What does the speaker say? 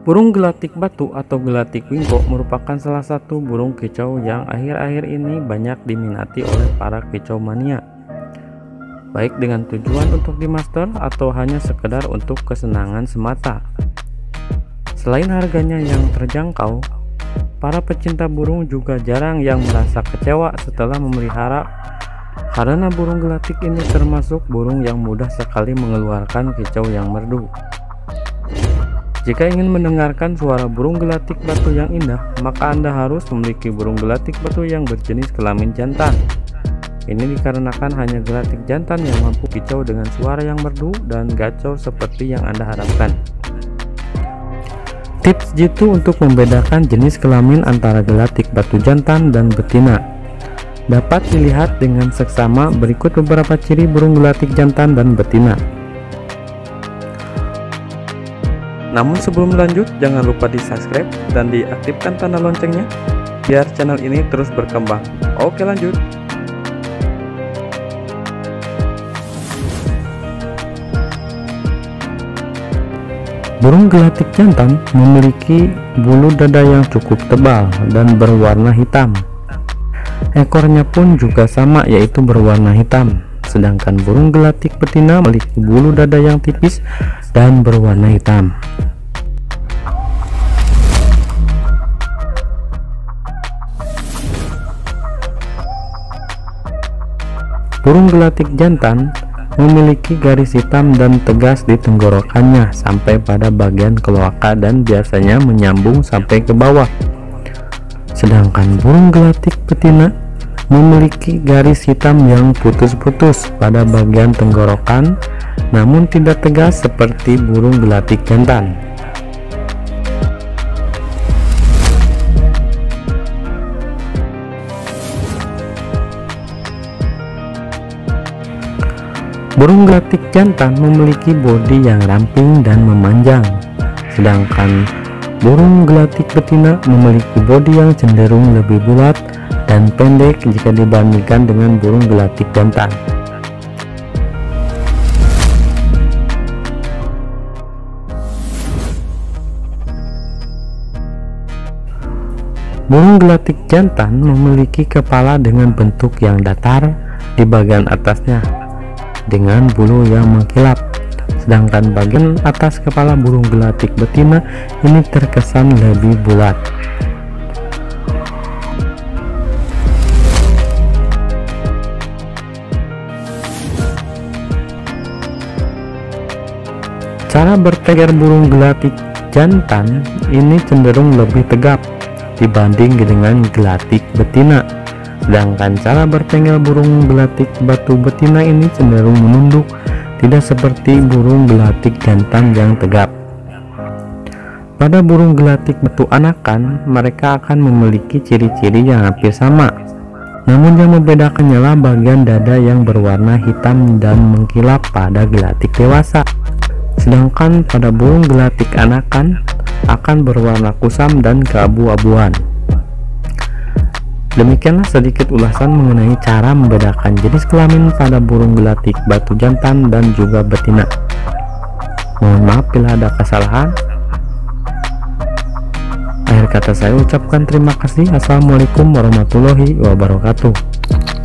Burung gelatik batu atau gelatik wingko merupakan salah satu burung kicau yang akhir-akhir ini banyak diminati oleh para kicau mania. Baik dengan tujuan untuk dimaster atau hanya sekedar untuk kesenangan semata. Selain harganya yang terjangkau, para pecinta burung juga jarang yang merasa kecewa setelah memelihara karena burung gelatik ini termasuk burung yang mudah sekali mengeluarkan kicau yang merdu. Jika ingin mendengarkan suara burung gelatik batu yang indah, maka Anda harus memiliki burung gelatik batu yang berjenis kelamin jantan. Ini dikarenakan hanya gelatik jantan yang mampu kicau dengan suara yang merdu dan gacor seperti yang Anda harapkan. Tips jitu untuk membedakan jenis kelamin antara gelatik batu jantan dan betina. Dapat dilihat dengan seksama berikut beberapa ciri burung gelatik jantan dan betina. Namun sebelum lanjut, jangan lupa di subscribe dan diaktifkan tanda loncengnya biar channel ini terus berkembang. Oke lanjut. Burung gelatik jantan memiliki bulu dada yang cukup tebal dan berwarna hitam. Ekornya pun juga sama yaitu berwarna hitam sedangkan burung gelatik betina memiliki bulu dada yang tipis dan berwarna hitam burung gelatik jantan memiliki garis hitam dan tegas di tenggorokannya sampai pada bagian keloaka dan biasanya menyambung sampai ke bawah sedangkan burung gelatik betina memiliki garis hitam yang putus-putus pada bagian tenggorokan namun tidak tegas seperti burung belatik jantan. Burung gelatik jantan memiliki bodi yang ramping dan memanjang, sedangkan burung gelatik betina memiliki bodi yang cenderung lebih bulat dan pendek jika dibandingkan dengan burung gelatik jantan. Burung gelatik jantan memiliki kepala dengan bentuk yang datar di bagian atasnya dengan bulu yang mengkilap sedangkan bagian atas kepala burung gelatik betina ini terkesan lebih bulat Cara bertegar burung gelatik jantan ini cenderung lebih tegap dibanding dengan gelatik betina. Sedangkan cara bertengger burung gelatik batu betina ini cenderung menunduk, tidak seperti burung gelatik jantan yang tegap. Pada burung gelatik batu anakan, mereka akan memiliki ciri-ciri yang hampir sama. Namun yang membedakannya lah bagian dada yang berwarna hitam dan mengkilap pada gelatik dewasa. Sedangkan pada burung gelatik anakan akan berwarna kusam dan keabu-abuan. Demikianlah sedikit ulasan mengenai cara membedakan jenis kelamin pada burung gelatik batu jantan dan juga betina. Mohon maaf bila ada kesalahan. Akhir kata saya ucapkan terima kasih. Assalamualaikum warahmatullahi wabarakatuh.